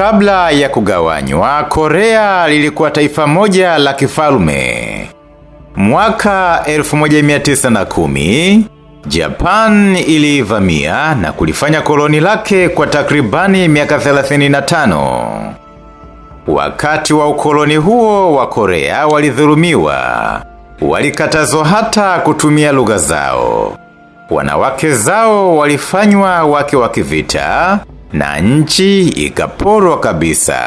Kabla ya kugawanywa, Korea lilikuwa taifa moja la kifalme. Mwaka 1910 Japan ilivamia na kulifanya koloni lake kwa takribani miaka 35. Wakati wa ukoloni huo wa Korea walidhulumiwa, walikatazwa hata kutumia lugha zao, wanawake zao walifanywa wake wa kivita na nchi ikaporwa kabisa.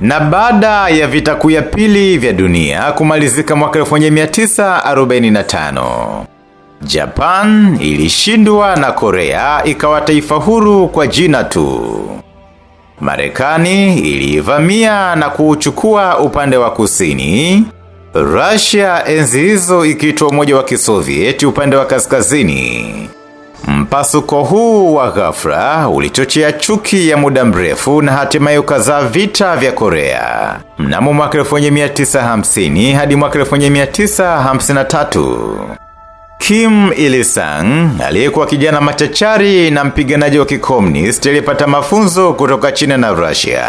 Na baada ya vita kuu ya pili vya dunia kumalizika mwaka 1945, Japan ilishindwa na Korea ikawa taifa huru kwa jina tu. Marekani ilivamia na kuuchukua upande wa kusini, Russia enzi hizo ikiitwa Umoja wa Kisovieti upande wa kaskazini Mpasuko huu wa ghafla ulichochea chuki ya muda mrefu na hatimaye ukazaa vita vya Korea. Mnamo mwaka 1950 hadi mwaka 1953 Kim Il-sung aliyekuwa kijana machachari na mpiganaji wa kikomunist alipata mafunzo kutoka China na Russia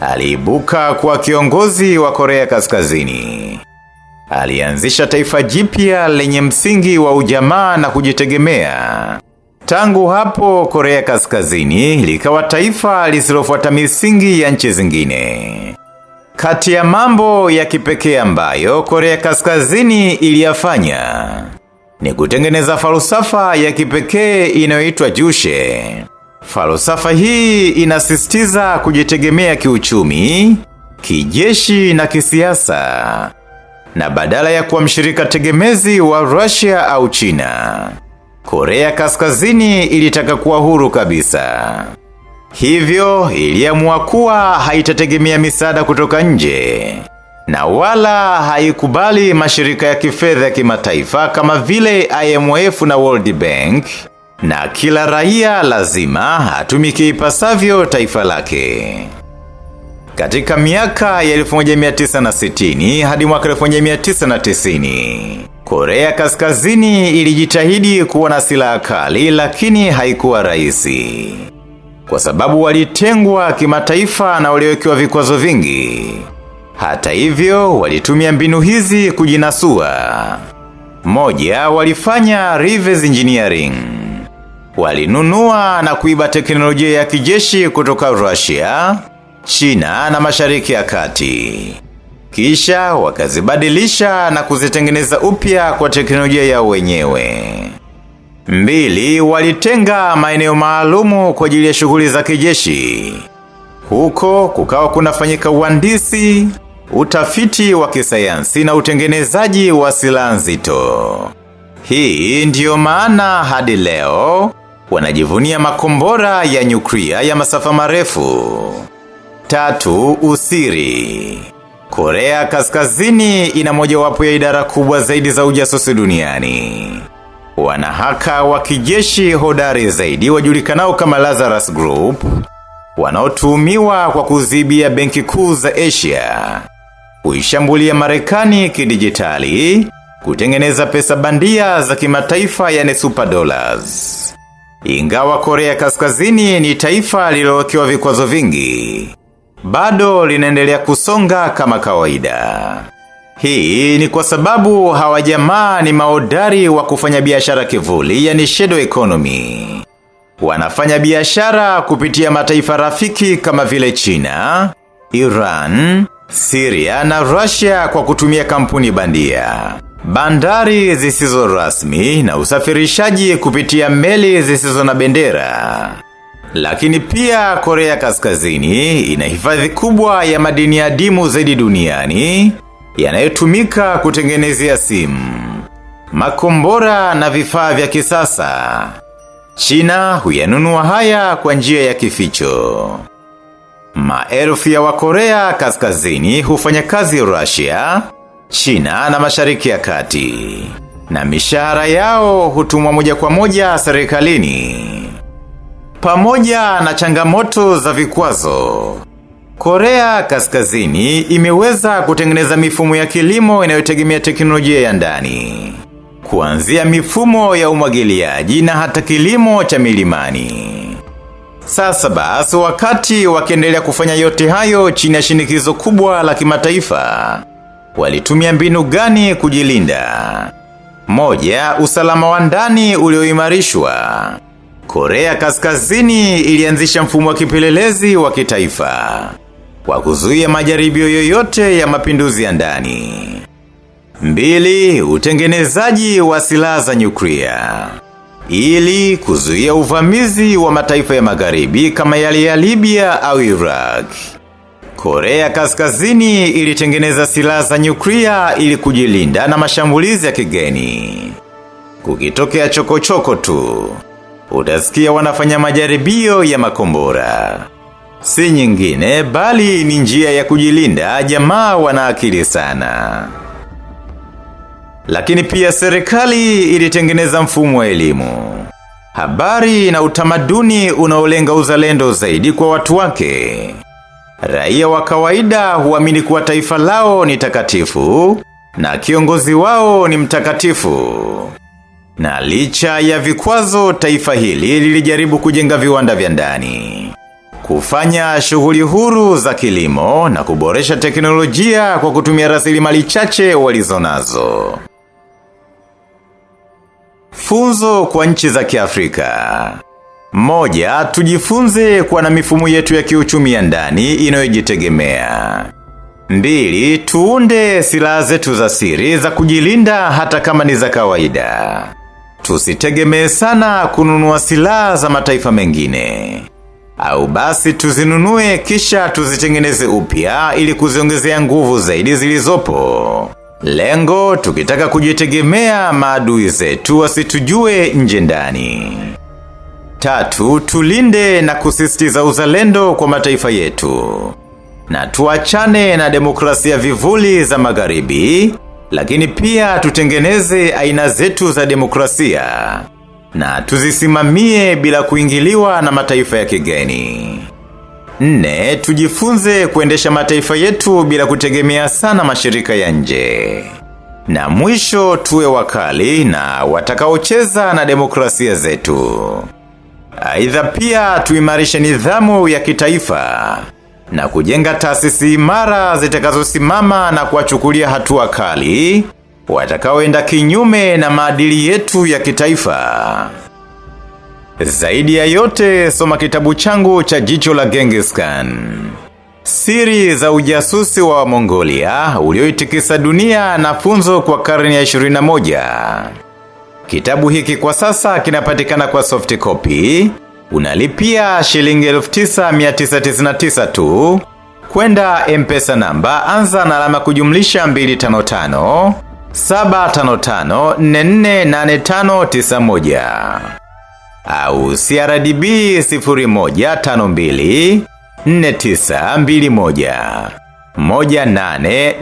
aliibuka kuwa kiongozi wa Korea Kaskazini alianzisha taifa jipya lenye msingi wa ujamaa na kujitegemea. Tangu hapo Korea Kaskazini likawa taifa lisilofuata misingi ya nchi zingine. Kati ya mambo ya kipekee ambayo Korea Kaskazini iliyafanya ni kutengeneza falsafa ya kipekee inayoitwa Jushe. Falsafa hii inasisitiza kujitegemea kiuchumi, kijeshi na kisiasa na badala ya kuwa mshirika tegemezi wa Russia au China, Korea Kaskazini ilitaka kuwa huru kabisa. Hivyo iliamua kuwa haitategemea misaada kutoka nje na wala haikubali mashirika ya kifedha ya kimataifa kama vile IMF na World Bank, na kila raia lazima atumike ipasavyo taifa lake katika miaka ya 1960 hadi mwaka 1990. Korea Kaskazini ilijitahidi kuwa na silaha kali lakini haikuwa rahisi kwa sababu walitengwa kimataifa na waliwekewa vikwazo vingi. Hata hivyo, walitumia mbinu hizi kujinasua. Moja, walifanya reverse engineering. Walinunua na kuiba teknolojia ya kijeshi kutoka Russia China na Mashariki ya Kati. Kisha wakazibadilisha na kuzitengeneza upya kwa teknolojia yao wenyewe. Mbili, walitenga maeneo maalumu kwa ajili ya shughuli za kijeshi. Huko kukawa kunafanyika uhandisi, utafiti wa kisayansi na utengenezaji wa silaha nzito. Hii ndiyo maana hadi leo wanajivunia makombora ya nyuklia ya masafa marefu. Tatu, usiri. Korea Kaskazini ina mojawapo ya idara kubwa zaidi za ujasusi duniani. Wanahaka wa kijeshi hodari zaidi wajulikanao kama Lazarus Group wanaotuhumiwa kwa kuzibia benki kuu za Asia, kuishambulia Marekani kidijitali, kutengeneza pesa bandia za kimataifa yani super dollars. Ingawa Korea Kaskazini ni taifa lililowekewa vikwazo vingi, bado linaendelea kusonga kama kawaida. Hii ni kwa sababu hawa jamaa ni maodari wa kufanya biashara kivuli, yani shadow economy. Wanafanya biashara kupitia mataifa rafiki kama vile China, Iran, Siria na Russia kwa kutumia kampuni bandia, bandari zisizo rasmi na usafirishaji kupitia meli zisizo na bendera. Lakini pia Korea Kaskazini ina hifadhi kubwa ya madini adimu zaidi duniani yanayotumika kutengenezea simu, makombora na vifaa vya kisasa. China huyanunua haya kwa njia ya kificho. Maelfu ya Wakorea Kaskazini hufanya kazi Russia, China na Mashariki ya Kati, na mishahara yao hutumwa moja kwa moja serikalini. Pamoja na changamoto za vikwazo, Korea Kaskazini imeweza kutengeneza mifumo ya kilimo inayotegemea teknolojia ya ndani, kuanzia mifumo ya umwagiliaji na hata kilimo cha milimani. Sasa basi, wakati wakiendelea kufanya yote hayo chini ya shinikizo kubwa la kimataifa, walitumia mbinu gani kujilinda? Moja, usalama wa ndani ulioimarishwa. Korea Kaskazini ilianzisha mfumo wa kipelelezi wa kitaifa kwa kuzuia majaribio yoyote ya mapinduzi ya ndani. Mbili, utengenezaji wa silaha za nyuklia ili kuzuia uvamizi wa mataifa ya magharibi kama yale ya Libya au Iraq. Korea Kaskazini ilitengeneza silaha za nyuklia ili kujilinda na mashambulizi ya kigeni. Kukitokea chokochoko tu, utasikia wanafanya majaribio ya makombora. Si nyingine bali ni njia ya kujilinda. Jamaa wana akili sana. Lakini pia serikali ilitengeneza mfumo wa elimu, habari na utamaduni unaolenga uzalendo zaidi kwa watu wake. Raia wa kawaida huamini kuwa taifa lao ni takatifu na kiongozi wao ni mtakatifu na licha ya vikwazo, taifa hili lilijaribu kujenga viwanda vya ndani, kufanya shughuli huru za kilimo na kuboresha teknolojia kwa kutumia rasilimali chache walizonazo. Funzo kwa nchi za Kiafrika. Moja, tujifunze kwa na mifumo yetu ya kiuchumi ya ndani inayojitegemea. Mbili, tuunde silaha zetu za siri za kujilinda hata kama ni za kawaida tusitegemee sana kununua silaha za mataifa mengine, au basi tuzinunue kisha tuzitengeneze upya ili kuziongezea nguvu zaidi zilizopo. Lengo tukitaka kujitegemea, maadui zetu wasitujue nje ndani. Tatu, tulinde na kusisitiza uzalendo kwa mataifa yetu na tuachane na demokrasia vivuli za magharibi lakini pia tutengeneze aina zetu za demokrasia na tuzisimamie bila kuingiliwa na mataifa ya kigeni. Nne, tujifunze kuendesha mataifa yetu bila kutegemea sana mashirika ya nje. Na mwisho tuwe wakali na watakaocheza na demokrasia zetu. Aidha, pia tuimarishe nidhamu ya kitaifa na kujenga taasisi imara zitakazosimama na kuwachukulia hatua kali watakaoenda kinyume na maadili yetu ya kitaifa. Zaidi ya yote, soma kitabu changu cha Jicho la Genghis Khan, siri za ujasusi wa Mongolia ulioitikisa dunia na funzo kwa karne ya 21. Kitabu hiki kwa sasa kinapatikana kwa soft copy unalipia shilingi elfu tisa mia tisa tisini na tisa tu kwenda mpesa namba, anza na alama kujumlisha 255 755 448591 au CRDB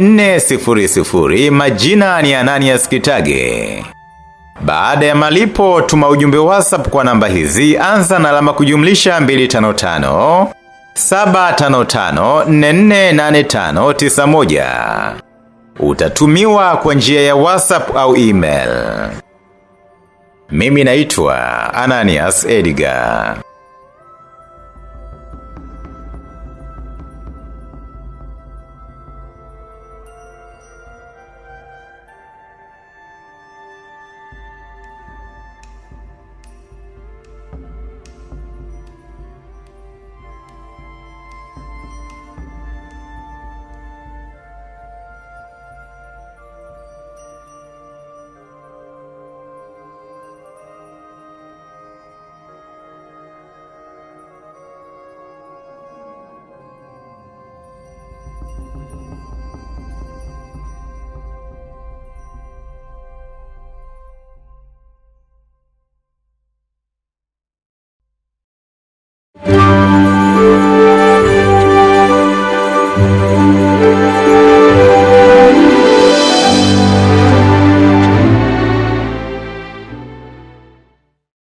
nne sifuri sifuri. Majina ni Ananias Kitage. Baada ya malipo, tuma ujumbe WhatsApp kwa namba hizi: anza na alama kujumlisha 255 755 Utatumiwa kwa njia ya WhatsApp au email. Mimi naitwa Ananias Edgar.